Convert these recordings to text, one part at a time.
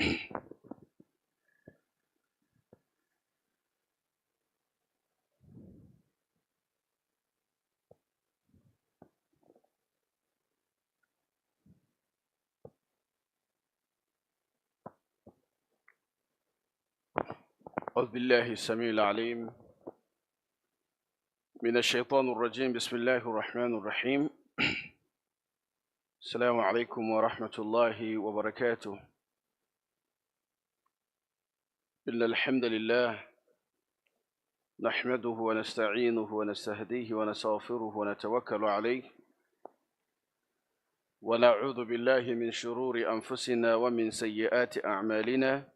أعوذ بالله السميع العليم من الشيطان الرجيم بسم الله الرحمن الرحيم السلام عليكم ورحمة الله وبركاته إلا الحمد لله نحمده ونستعينه ونستهديه ونستغفره ونتوكل عليه ونعوذ بالله من شرور أنفسنا ومن سيئات أعمالنا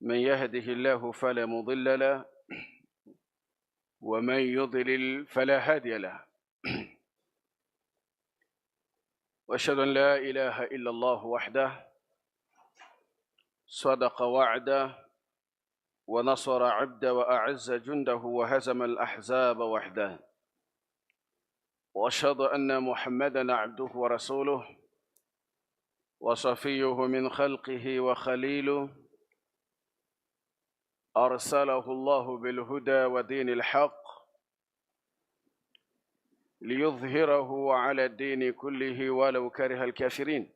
من يهده الله فلا مضل له ومن يضلل فلا هادي له واشهد ان لا اله الا الله وحده صدق وعده ونصر عبده وأعز جنده وهزم الأحزاب وحده وأشهد أن محمدا عبده ورسوله وصفيه من خلقه وخليله أرسله الله بالهدى ودين الحق ليظهره على الدين كله ولو كره الكافرين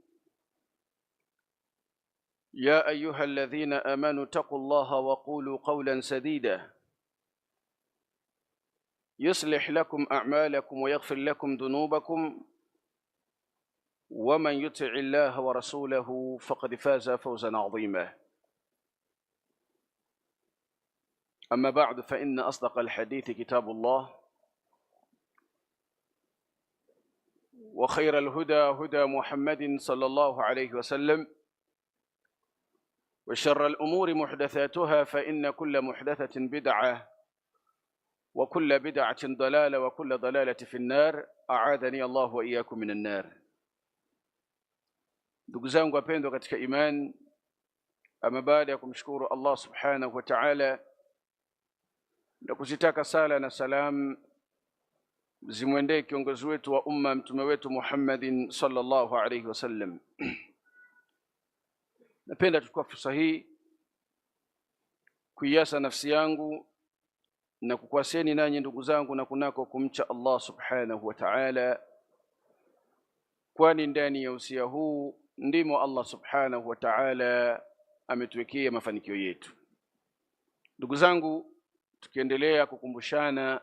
يا ايها الذين امنوا اتقوا الله وقولوا قولا سديدا يصلح لكم اعمالكم ويغفر لكم ذنوبكم ومن يطع الله ورسوله فقد فاز فوزا عظيما اما بعد فان اصدق الحديث كتاب الله وخير الهدى هدى محمد صلى الله عليه وسلم وشر الأمور محدثاتها فإن كل محدثة بدعة وكل بدعة ضلالة وكل ضلالة في النار أعاذني الله وإياكم من النار دقزان قبين دقتك إيمان أما بعدكم شكور الله سبحانه وتعالى نكوزيتاك سالة سلام زمواندهي كيونغزويت وأمم تمويت محمد صلى الله عليه وسلم Napenda tukua fursa hii kuiasa nafsi yangu na kukwaseni nanyi ndugu zangu na kunako kumcha Allah subhanahu wa ta'ala, kwani ndani ya usia huu ndimo Allah subhanahu wa ta'ala ametuwekea mafanikio yetu. Ndugu zangu, tukiendelea kukumbushana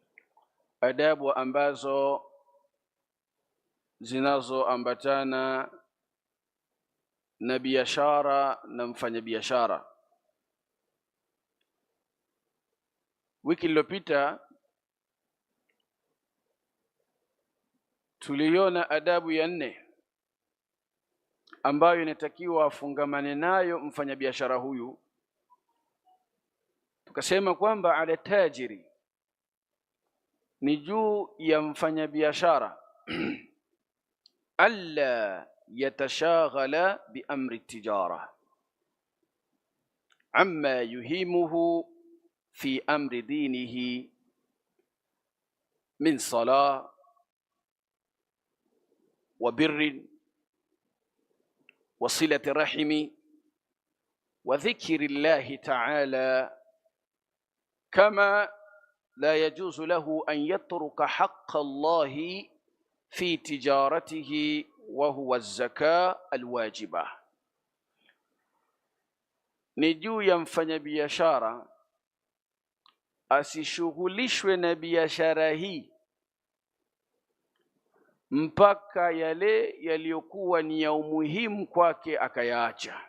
adabu ambazo zinazoambatana na biashara na mfanyabiashara. Wiki iliyopita tuliona adabu ya nne ambayo inatakiwa afungamane nayo mfanyabiashara huyu. Tukasema kwamba ala tajiri ni juu ya mfanyabiashara alla يتشاغل بأمر التجارة عما يهمه في أمر دينه من صلاة وبر وصلة رحم وذكر الله تعالى كما لا يجوز له أن يترك حق الله في تجارته wa huwa zaka alwajiba, ni juu ya mfanyabiashara asishughulishwe na biashara hii mpaka yale yaliyokuwa ni ya umuhimu kwake akayaacha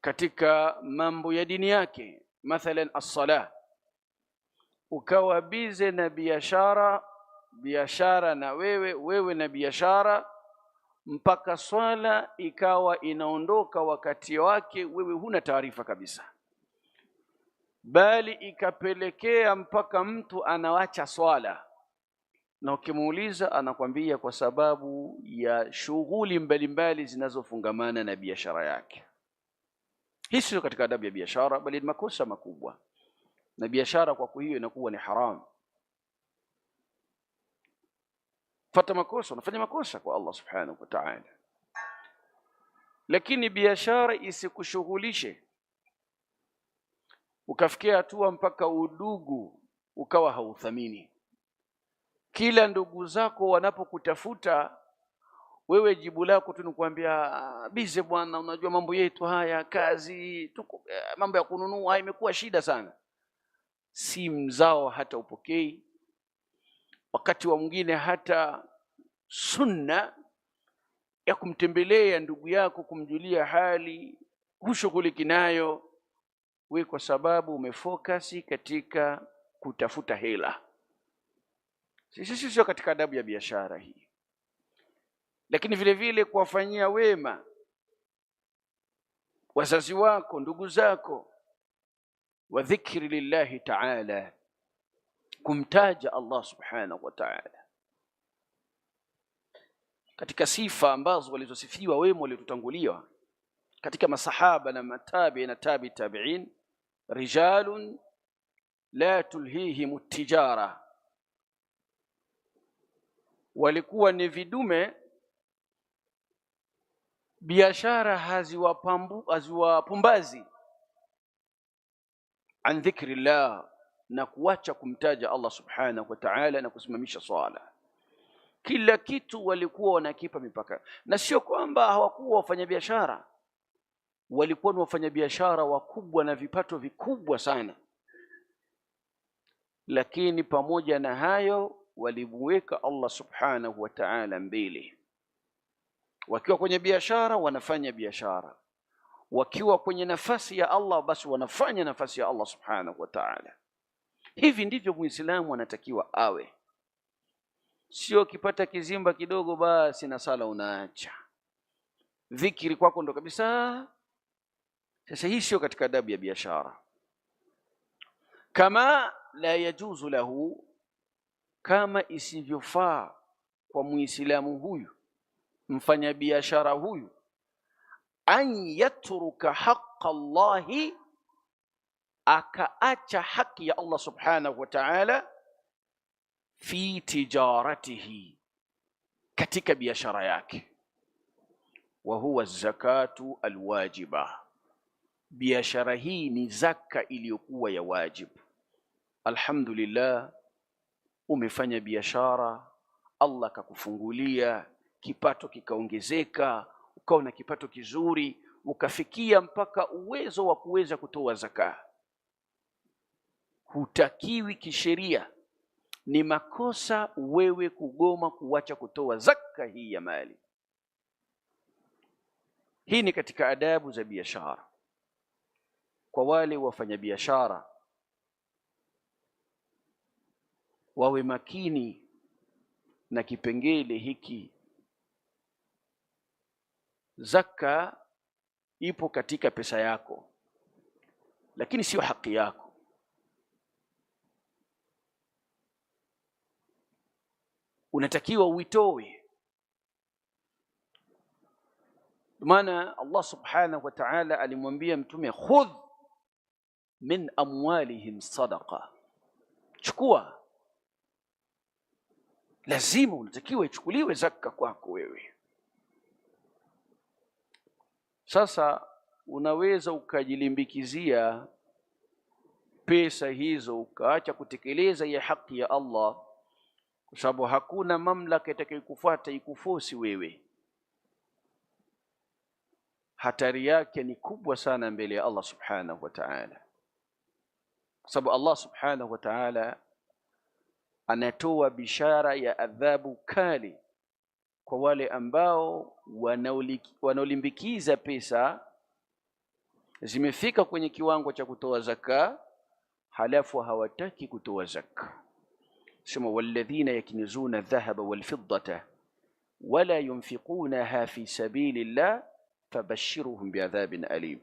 katika mambo ya dini yake, mathalan as salah ukawa bize na biashara biashara na wewe, wewe na biashara, mpaka swala ikawa inaondoka wakati wake, wewe huna taarifa kabisa, bali ikapelekea mpaka mtu anawacha swala, na ukimuuliza anakwambia kwa sababu ya shughuli mbalimbali zinazofungamana na biashara yake. Hii sio katika adabu ya biashara, bali ni makosa makubwa, na biashara kwa hiyo inakuwa ni haramu. fata makosa, unafanya makosa kwa Allah subhanahu wa ta'ala. Lakini biashara isikushughulishe ukafikia hatua mpaka udugu ukawa hauthamini. Kila ndugu zako wanapokutafuta wewe, jibu lako tu ni kuambia ah, bize bwana, unajua mambo yetu haya, kazi tuko, eh, mambo ya kununua imekuwa shida sana, simu zao hata upokei wakati wa mwingine hata sunna ya kumtembelea ndugu yako, kumjulia hali, hushughuliki nayo we, kwa sababu umefokasi katika kutafuta hela. Sisi sio katika adabu ya biashara hii, lakini vile vile kuwafanyia wema wazazi wako, ndugu zako, wa dhikri lillahi taala kumtaja Allah subhanahu wa ta'ala katika sifa ambazo walizosifiwa wema waliotutanguliwa katika masahaba na matabi na tabi tabiin, rijalun la tulhihim tijara, walikuwa ni vidume biashara haziwapambu haziwapumbazi an dhikrillah na kuacha kumtaja Allah subhanahu wa ta'ala na kusimamisha swala. Kila kitu walikuwa wanakipa mipaka, na sio kwamba hawakuwa wafanyabiashara. Walikuwa ni wafanyabiashara wakubwa na vipato vikubwa sana, lakini pamoja na hayo walimuweka Allah subhanahu wa ta'ala mbili Wakiwa kwenye biashara wanafanya biashara, wakiwa kwenye nafasi ya Allah basi wanafanya nafasi ya Allah subhanahu wa ta'ala. Hivi ndivyo Muislamu anatakiwa awe, sio kipata kizimba kidogo basi na sala unaacha dhikiri kwako ndo kabisa. Sasa hii sio katika adabu ya biashara. Kama la yajuzu lahu, kama isivyofaa kwa muislamu huyu mfanyabiashara huyu, an yatruka haqa Allahi, aka acha haki ya Allah subhanahu wa ta'ala fi tijaratihi, katika biashara yake. Wa huwa zakatu alwajiba, biashara hii ni zaka iliyokuwa ya wajibu. Alhamdulillah, umefanya biashara, Allah akakufungulia kipato, kikaongezeka, ukawa na kipato kizuri, ukafikia mpaka uwezo wa kuweza kutoa zaka hutakiwi kisheria. Ni makosa wewe kugoma kuwacha kutoa zaka hii ya mali. Hii ni katika adabu za biashara kwa wale wafanyabiashara wawe makini na kipengele hiki. Zaka ipo katika pesa yako, lakini sio haki yako. unatakiwa uitoe. Maana Allah subhanahu wa ta'ala alimwambia mtume khudh min amwalihim sadaqa, chukua. Lazima unatakiwa ichukuliwe zaka kwako wewe. Sasa unaweza ukajilimbikizia pesa hizo ukaacha kutekeleza ya haki ya Allah kwa sababu hakuna mamlaka itakayokufuata ikufosi wewe. Hatari yake ni kubwa sana mbele ya Allah subhanahu wa ta'ala, kwa sababu Allah subhanahu wa ta'ala anatoa bishara ya adhabu kali kwa wale ambao wanaolimbikiza pesa zimefika kwenye kiwango cha kutoa zaka halafu hawataki kutoa zaka ثم والذين يكنزون الذهب والفضة ولا ينفقونها في سبيل الله فبشرهم بعذاب أليم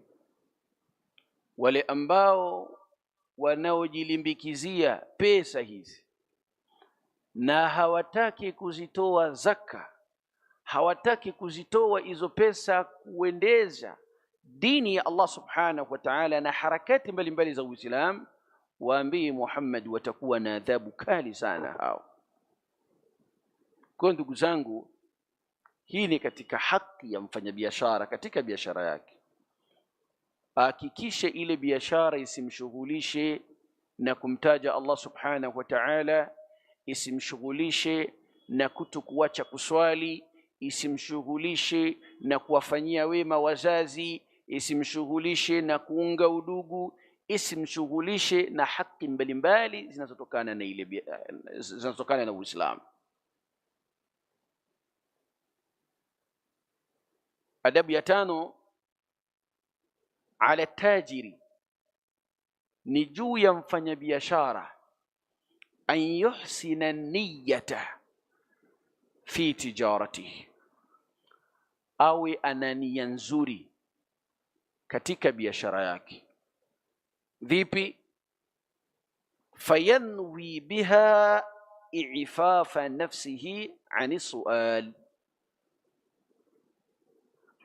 wale ambao wanaojilimbikizia pesa hizi na hawataki kuzitoa zaka, hawataki kuzitoa hizo pesa kuendeza dini ya Allah subhanahu wa ta'ala na harakati mbalimbali za Uislamu waambie Muhammad watakuwa na adhabu kali sana hao. Kwa ndugu zangu, hii ni katika haki ya mfanyabiashara katika biashara yake, ahakikishe ile biashara isimshughulishe na kumtaja Allah subhanahu wa ta'ala, isimshughulishe na kutokuacha kuswali, isimshughulishe na kuwafanyia wema wazazi, isimshughulishe na kuunga udugu isimshughulishe na haki mbalimbali zinazotokana na ile eh, zinazotokana na Uislamu. Adabu ya tano, ala tajiri, ni juu ya mfanyabiashara, an yuhsina niyata fi tijaratihi, awe ana nia nzuri katika biashara yake Vipi? fayanwi biha ifafa nafsihi ani sual,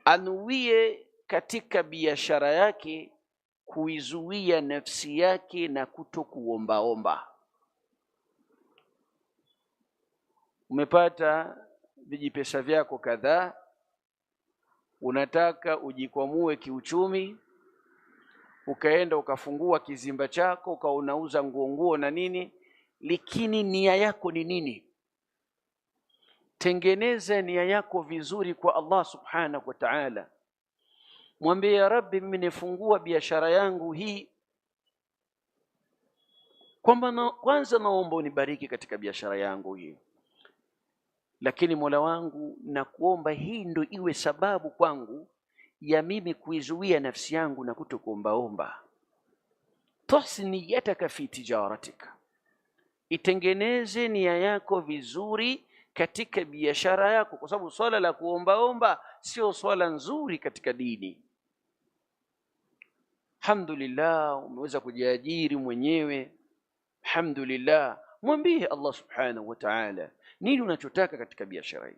anuwie katika biashara yake kuizuia nafsi yake na kuto kuombaomba. Umepata vijipesa vyako kadhaa, unataka ujikwamue kiuchumi ukaenda ukafungua kizimba chako ukaunauza unauza nguo nguo na nini, lakini nia yako ni nini? Tengeneza nia yako vizuri kwa Allah subhanahu wa ta'ala, mwambie ya Rabbi, mimi nifungua biashara yangu hii kwamba na, kwanza naomba unibariki katika biashara yangu hii, lakini Mola wangu nakuomba hii ndo iwe sababu kwangu ya mimi kuizuia nafsi yangu na kutokuombaomba. Tosniyataka fi tijaratika, itengeneze nia yako vizuri katika biashara yako, kwa sababu swala la kuombaomba sio swala nzuri katika dini. Alhamdulillah, umeweza kujiajiri mwenyewe, alhamdulillah. Mwambie Allah subhanahu wa ta'ala nini unachotaka katika biashara hii,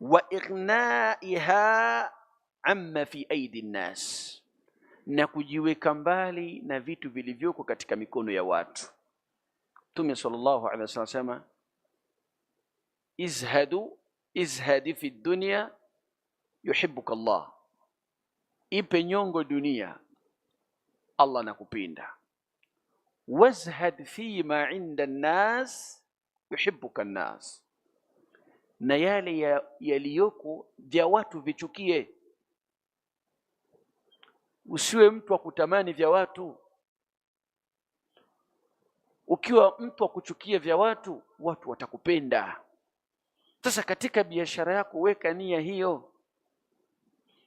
wa ighnaiha amma fi aidi nnas, na kujiweka mbali na vitu vilivyoko katika mikono ya watu. Mtume sallallahu alaihi wasallam asema izhadu izhadi fi dunya yuhibuka Allah, ipe nyongo dunia, Allah anakupinda. Wazhad fi ma inda nnas yuhibuka nnas, na yale yaliyoko vya watu vichukie usiwe mtu wa kutamani vya watu ukiwa mtu wa kuchukia vya watu watu watakupenda sasa katika biashara yako weka nia hiyo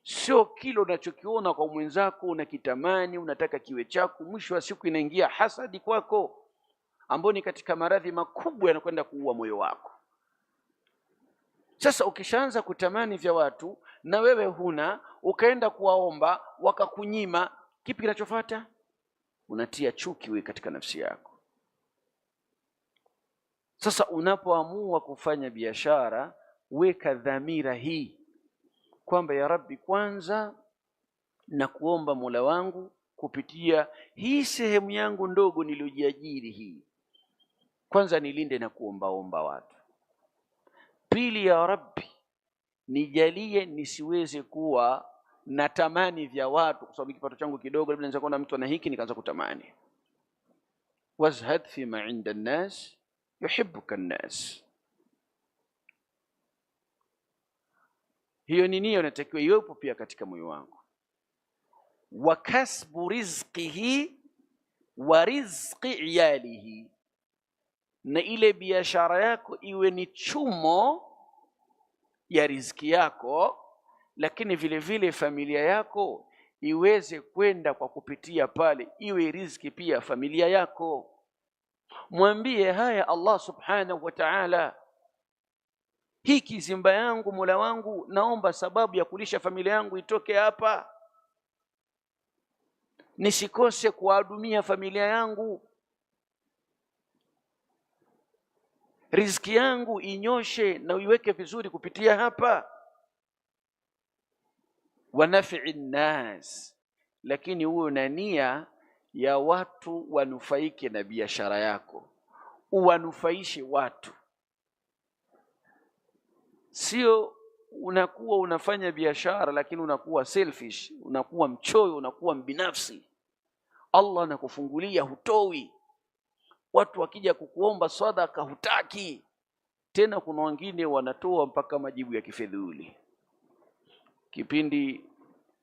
sio kile unachokiona kwa mwenzako unakitamani unataka kiwe chako mwisho wa siku inaingia hasadi kwako ambayo ni katika maradhi makubwa yanakwenda kuua moyo wako sasa ukishaanza kutamani vya watu na wewe huna, ukaenda kuwaomba wakakunyima, kipi kinachofuata? Unatia chuki wewe katika nafsi yako. Sasa unapoamua kufanya biashara, weka dhamira hii kwamba ya Rabbi, kwanza na kuomba Mola wangu kupitia hii sehemu yangu ndogo niliyojiajiri hii, kwanza nilinde na kuombaomba watu Pili, ya Rabbi, nijalie nisiweze kuwa natamani vya watu, kwa sababu kipato changu kidogo, labda naweza kuona mtu ana hiki nikaanza kutamani. Wazhad ma inda nnas yuhibbuka nnas. Hiyo ni nia inatakiwa iwepo pia katika moyo wangu. Wakasbu rizqihi wa rizqi iyalihi na ile biashara yako iwe ni chumo ya riziki yako, lakini vile vile familia yako iweze kwenda kwa kupitia pale, iwe riziki pia familia yako. Mwambie haya Allah subhanahu wa ta'ala, hii kizimba yangu Mola wangu, naomba sababu ya kulisha familia yangu itoke hapa, nisikose kuwahudumia familia yangu riziki yangu inyoshe na uiweke vizuri kupitia hapa. wanafii nnas, lakini uwe na nia ya watu wanufaike na biashara yako, uwanufaishe watu, sio unakuwa unafanya biashara lakini unakuwa selfish, unakuwa mchoyo, unakuwa mbinafsi. Allah anakufungulia hutoi Watu wakija kukuomba sadaka hutaki tena. Kuna wengine wanatoa mpaka majibu ya kifedhuli. Kipindi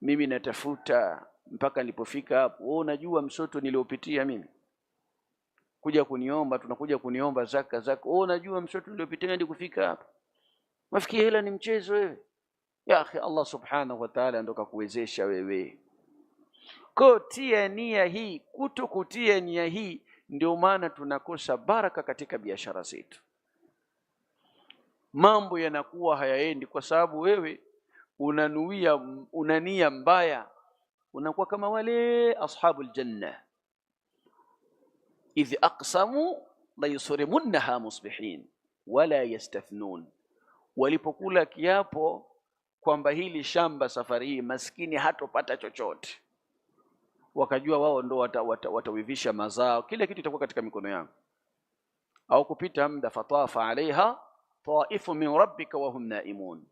mimi natafuta mpaka nilipofika hapo, wewe unajua msoto niliopitia mimi kuja kuniomba, tunakuja kuniomba zaka zako. Wewe unajua msoto niliopitia hadi kufika hapo. Mafikia hela ni mchezo wewe. Ya akhi, Allah subhanahu wa ta'ala ndo kakuwezesha wewe. kotia nia hii, kuto kutia nia hii ndio maana tunakosa baraka katika biashara zetu, mambo yanakuwa hayaendi kwa sababu wewe unanuia, unania mbaya, unakuwa kama wale ashabul janna, idh aqsamu la yusrimunnaha musbihin wala yastathnun, walipokula kiapo kwamba hili shamba safari hii maskini hatopata chochote wakajua wao ndo watawivisha wata, wata mazao, kila kitu itakuwa katika mikono yangu. Au kupita mda fatafa alaiha taifu min rabbika wahum naimun,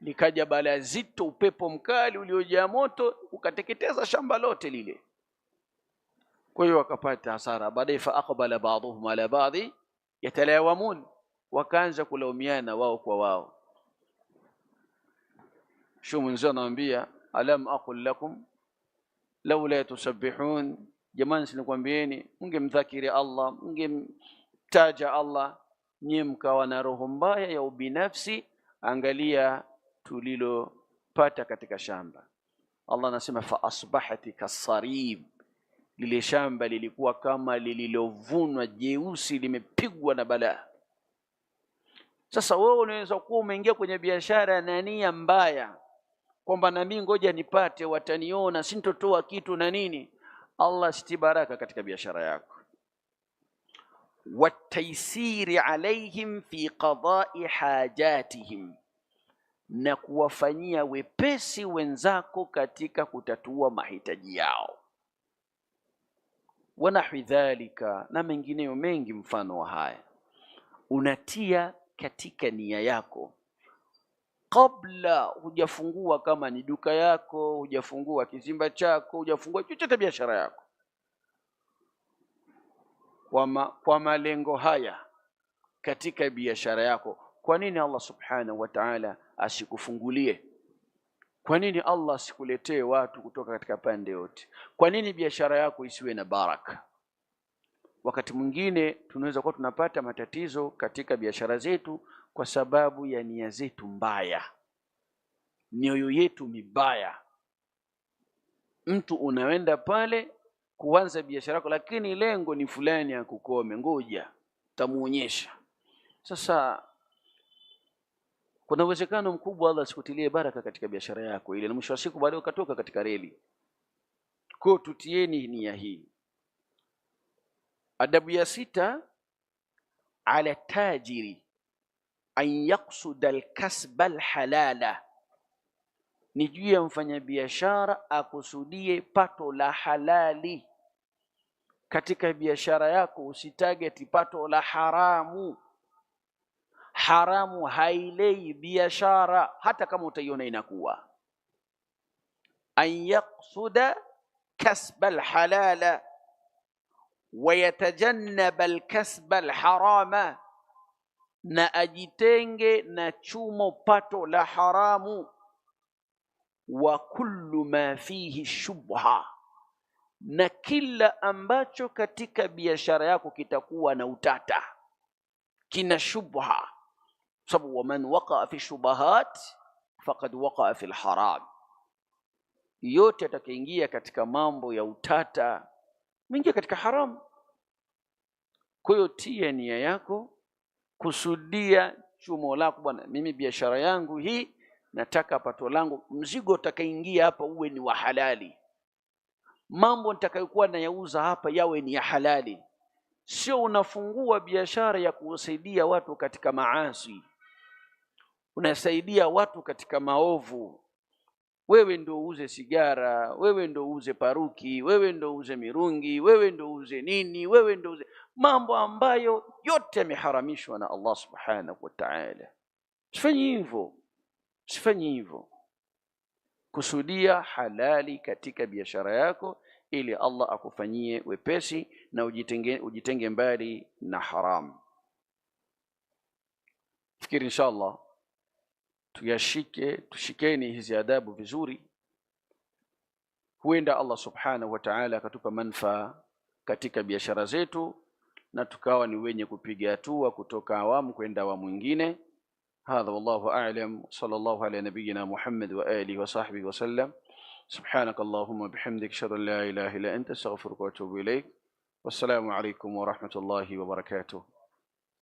likaja balaa zito, upepo mkali uliojaa moto ukateketeza shamba lote lile. Kwa hiyo wakapata hasara. Baadaye fa aqbala ba'dhum ala baadhi yatalawamun, wakaanza kulaumiana wao kwa wao. Shu mwenzio anamwambia alam aqul lakum laula tusabbihun. Jamani, sinikwambieni mngemdhakiri Allah, mngemtaja Allah, nyie mkawa na roho mbaya ya ubinafsi. Angalia tulilopata katika shamba. Allah anasema fa asbahati kasarib, lile shamba lilikuwa kama lililovunwa jeusi, limepigwa na balaa. Sasa wewe unaweza kuwa umeingia kwenye biashara na nia mbaya kwamba nami ngoja nipate, wataniona, sintotoa kitu na nini. Allah siti baraka katika biashara yako. Wataisiri alaihim fi qadai hajatihim, na kuwafanyia wepesi wenzako katika kutatua mahitaji yao. Wanahwi dhalika, na mengineyo mengi mfano wa haya, unatia katika nia yako kabla hujafungua, kama ni duka yako, hujafungua kizimba chako, hujafungua chochote biashara yako, kwa, ma, kwa malengo haya katika biashara yako. Kwa nini Allah subhanahu wa ta'ala asikufungulie? Kwa nini Allah asikuletee watu kutoka katika pande yote? Kwa nini biashara yako isiwe na baraka? Wakati mwingine tunaweza kuwa tunapata matatizo katika biashara zetu kwa sababu ya nia zetu mbaya, mioyo yetu mibaya. Mtu unaenda pale kuanza biashara yako, lakini lengo ni fulani ya ngoja tamuonyesha. Sasa kuna uwezekano mkubwa Allah asikutilie baraka katika biashara yako ile, na mwisho wa siku baadaye ukatoka katika reli. Kwa tutieni nia hii. Adabu ya sita, ala tajiri an yaksuda alkasba alhalala, ni juu ya mfanyabiashara akusudie pato la halali katika biashara yako. Usitageti pato la haramu. Haramu hailei biashara, hata kama utaiona inakuwa. an yaksuda kasba alhalala wa yatajannaba alkasba alharama na ajitenge na chumo pato la haramu, wa kullu ma fihi shubha, na kila ambacho katika biashara yako kitakuwa na utata, kina shubha, sababu waman waqaa fi shubahat faqad waqaa fi lharam, yote atakaingia katika mambo ya utata mingia katika haramu. Kwa hiyo tia nia yako kusudia chumo lako, bwana, mimi biashara yangu hii nataka pato langu, mzigo utakaingia hapa uwe ni wa halali, mambo nitakayokuwa nayauza hapa yawe ni ya halali, sio unafungua biashara ya kuwasaidia watu katika maasi, unasaidia watu katika maovu wewe ndo uuze sigara, wewe ndo uuze paruki, wewe ndo uuze mirungi, wewe ndo uuze nini, wewe ndo uuze mambo ambayo yote yameharamishwa na Allah subhanahu wa ta'ala. Usifanye hivyo, usifanye hivyo. Kusudia halali katika biashara yako, ili Allah akufanyie wepesi na ujitenge, ujitenge mbali na haramu. Fikiri inshallah tuyashike tushikeni hizi adabu vizuri huenda Allah subhanahu wa ta'ala akatupa manufaa katika biashara zetu na tukawa ni wenye kupiga hatua kutoka awamu kwenda awamu nyingine hadha wallahu a'lam sallallahu ala nabiyyina muhammad wa alihi wa sahbihi wa sallam allahumma bihamdika ashhadu an la ilaha illa anta astaghfiruka wa atubu ilayk. Wassalamu alaykum wa rahmatullahi wa barakatuh.